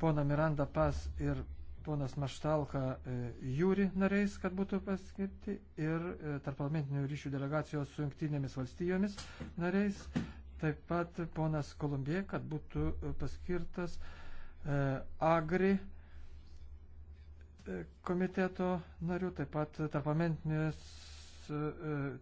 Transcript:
pona Miranda Pas ir ponas Maštalka e, Jūri nariais, kad būtų paskirti, ir e, tarpalmentinių ryšių delegacijos su jungtinėmis valstijomis nariais, taip pat ponas Kolumbie, kad būtų e, paskirtas Agri komiteto narių, taip pat tarpalmentinės